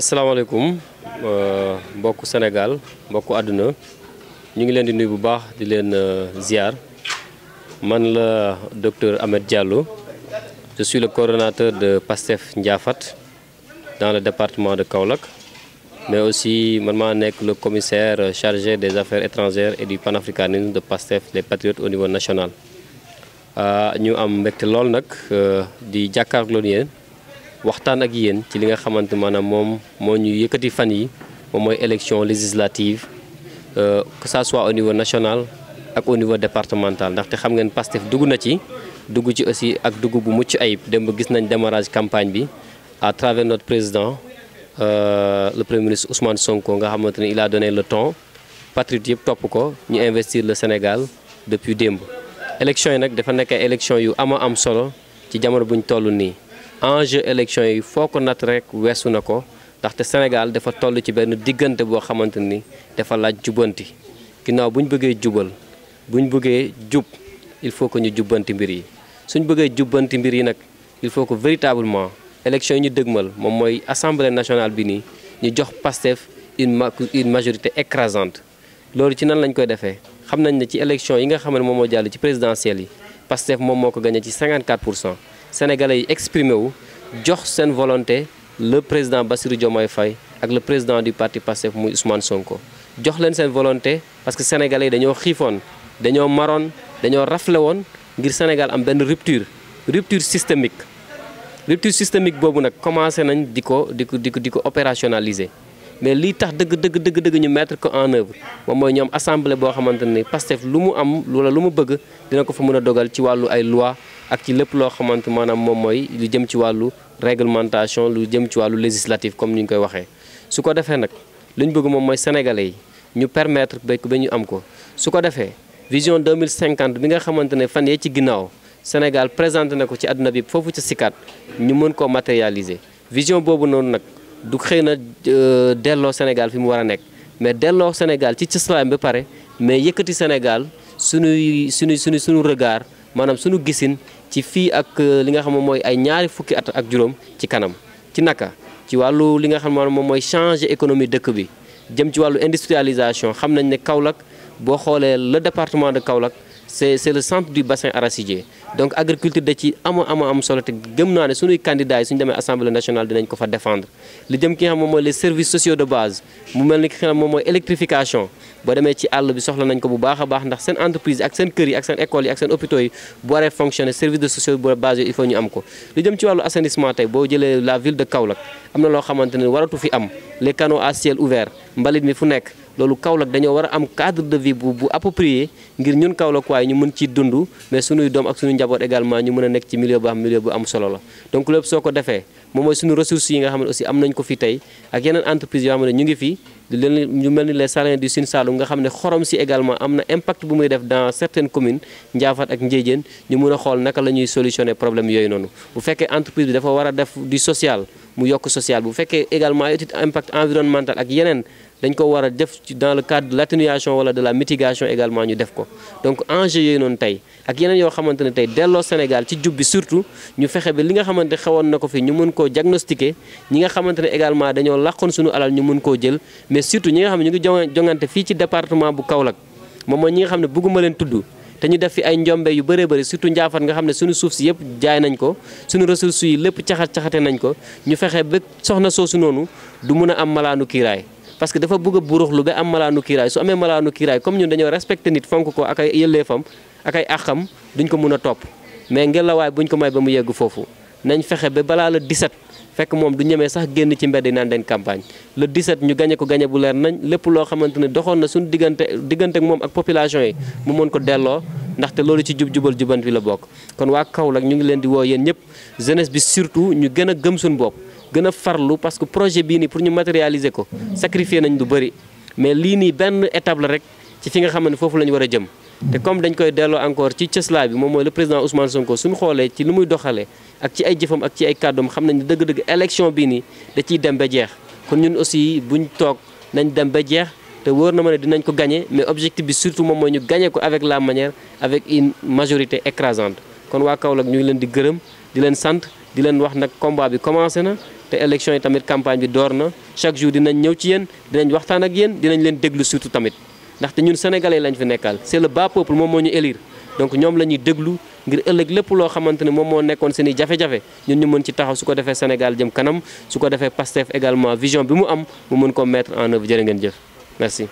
asalaamaaleykum euh, mbokku Sénégal mbokku àdduna ñu ngi leen di nuyu bu baax di leen euh, ziar man la docteur Ahmed Diallo je suis le coordonnateur de PASTEF Ndiafat dans le département de Kaolack mais aussi man maa nekk le commissaire chargé des affaires étrangères et du panafricanisme de PASTEF les patriotes au niveau national euh, ñu am mbégte lool nag di jàkkaarloo yéen waxtaan ak yéen ci li nga xamante maanaam moom moo ñu yëkkati fan yi moom mooy élection législative euh, que ça soit au niveau national ak au niveau départemental ndaxte xam ngeen Pastef dugg na ci dugg ci aussi ak dugg bu mucc ayib démb gis nañ démarrage campagne bi à travers notre président euh, le premier ministre Ousmane Sonko nga xamante ni il données le temps patriote yëpp topp ko ñu investir le Sénégal depuis démb élection yi nag dafa nekk ay yu ama a solo ci jamono buñ toll nii enjeu élection yi foo ko natt rek weesu na ko ndaxte Sénégal dafa toll ci benn diggante boo xamante ni dafa laaj jubbanti ginnaaw bu ñu bëggee jubal bu ñu bëggee jub il faut que ñu jubbanti mbir yi suñ bëggee jubbanti mbir yi nag il faut que véritablement élection yi ñu dëgmal moom mooy assemblée nationale bi nii ñu jox Pastef une une majorité écrasante loolu ci nan lañ koy defee xam nañ ne ci élection yi nga xam ne moom moo jàll ci présidentielles yi Pastef moom moo ko gagné ci 54 pour cent sénégalais yi exprimé wu jox seen volonté le président Bassirou Diomaye fay ak le président du parti Pastef muy Ousmane Sonko jox leen seen volonté parce que sénégalais yi dañoo xiifoon dañoo maroon dañoo rafle woon ngir Sénégal am benn rupture rupture systémique rupture systémique boobu nag commencé nañ di ko di ko di di ko opérationnaliser mais lii tax dëgg dëgg dëgg dëgg ñu mettre ko en œuvre moom mooy ñoom assemblée boo xamante ni Pastef lu mu am loola lu mu bëgg dina ko fa mën a dogal ci wàllu ay loi ak ci lépp loo xamante maanaam moom mooy lu jëm ci wàllu réglementation lu jëm ci wàllu législatif comme ni ñu koy waxee su ko defee nag li ñu bëgg moom mooy sénégalais yi ñu permettre ba ba ñu am ko su ko defee vision 2050 bi nga xamante ne fan yee ci ginnaaw Sénégal présenté na ko ci àdduna bi foofu ca sikkat ñu mën koo matérialiser vision boobu noonu nag du xëy na euh, delloo Sénégal fi mu war a nekk mais delloo Sénégal ci cëslaayam ba pare mais yëkkati Sénégal suñuy suñu suñu suñu maanaam suñu gisin ci fii ak euh, li nga xam moom mooy ay ñaari fukki at ak juróom ci kanam ci naka ci wàllu li nga xam moom mooy changer économie dëkk bi jëm ci wàllu industrialisation xam nañ ne Kaolack boo xoolee le département de Kaolack c'est c'est le centre du bassin arachidier donc agriculture da ci ama ama am solo te gëm naa ne suñuy candidats yi suñu demee assemblée nationale dinañ ko fa défendre li jëm ki xam moom mooy les services sociaux de base mu mel ni ki xam moom mooy électrification boo demee ci àll bi soxla nañ ko bu baax a baax ndax seen entreprise ak seen kër yi ak seen écoles yi ak seen hôpitaux yi bu waree fonctionner service de sociaux de base yooyu il ñu am ko li jëm ci wàllu assainissement loolu Kaolack dañoo war am cadre de vie bu bu ngir ñun Kaolack waaye ñu mën ci dund mais suñuy doom ak suñu njaboot également ñu mën a nekk ci milieu bu am milieu bu am solo la donc lépp soo ko defee moom mooy suñu ressources yi nga xam ne aussi am nañ ko fi tey ak yeneen entreprise yoo xam ne ñu ngi fi leen ñu mel ni les salins du Sine Saloum nga xam ne xorom si également am na impact bu muy def dans certaines communes Ndiaffate ak Ndiédiène ñu mën a xool naka la ñuy solutionner problème yooyu noonu bu fekkee entreprise bi dafa war a def du social mu yokk social bu fekkee également étude impact environnemental ak yeneen dañ ko war a def ci dans le cadre de l'atténuation wala de la mitigation également ñu def ko donc enjeu yooyu noonu tey ak yeneen yoo xamante ne tey delloo Sénégal ci jub bi surtout ñu fexe bi li nga xamante xewoon na ko fii ñu mën koo diagnostiquer ñi nga xamante ne également dañoo làqoon suñu alal ñu mën koo jël mais surtout ñi nga xam ne ñu ngi jongante fii ci département bu Kaolack moom mooy ñi nga xam ne bëgguma leen tudd te ñu def fi ay njombe yu bare bëri surtout njaafat nga xam ne suñu suuf si yëpp jaay nañ ko suñu ressources yi lépp caxat caxate nañ ko ñu fexe ba soxna soosu noonu du mun a am malaanu kiiraay parce que dafa bëgg a buruxlu ba am malaanu kiiraay su amee malaanu kiiraay comme ñun dañoo respecté nit fonk ko ak ay yëlleefam ak ay àqam duñ ko mun a topp mais ngelawaay buñ ko may ba mu yegg foofu nañ fexe ba balaa le 17 fekk moom du ñemee sax génn ci mbedd yi naan den campagne le 17 ñu gañe ko gañe bu leer nañ lépp loo xamante ne doxoon na suñu diggante diggante ak moom ak population yi mu mën ko delloo ndaxte loolu ci jub jubal juban bi la bokk kon waa Kaolack ñu ngi leen di woo yéen ñëpp jeunesse bi surtout ñu gën a gëm suñu bopp gën a farlu parce que projet bii nii pour ñu matérialiser ko sacrifier nañ lu bëri mais lii nii benn étape la rek ci fi nga xam ne foofu la ñu war a jëm. te comme dañ koy delloo encore ci cëslaa bi moom mooy le président Ousmane Sonko suñu xoolee ci nu muy doxalee ak ci ay jëfam ak ci ay kàddoom xam nañ dëgg-dëgg élection bii nii da ciy dem ba jeex kon ñun aussi buñ toog nañ dem ba jeex. te wóor na ma ne dinañ ko gagné mais objectif bi surtout moom mooy ñu gagné ko avec la manière avec majorité écrasante kon waa Kaolack ñu ngi leen di gërëm di sant di leen wax nag combat bi commencé na. te élection yi tamit campagne bi door na chaque jour dinañ ñëw ci yéen dinañ waxtaan ak yéen dinañ leen déglu surtout tamit ndaxte ñun sénégalais lañ fi nekkal c'est le bas peuple moom moo ñu élire donc ñoom la ñuy déglu ngir ëllëg lépp loo xamante ne moom moo nekkoon seen i jafe-jafe ñun ñu mën ci taxaw su ko defee Sénégal jëm kanam su ko defee Pastef également vision bi mu am mu mën ko metre en œuvre jërë ngeen jëf merci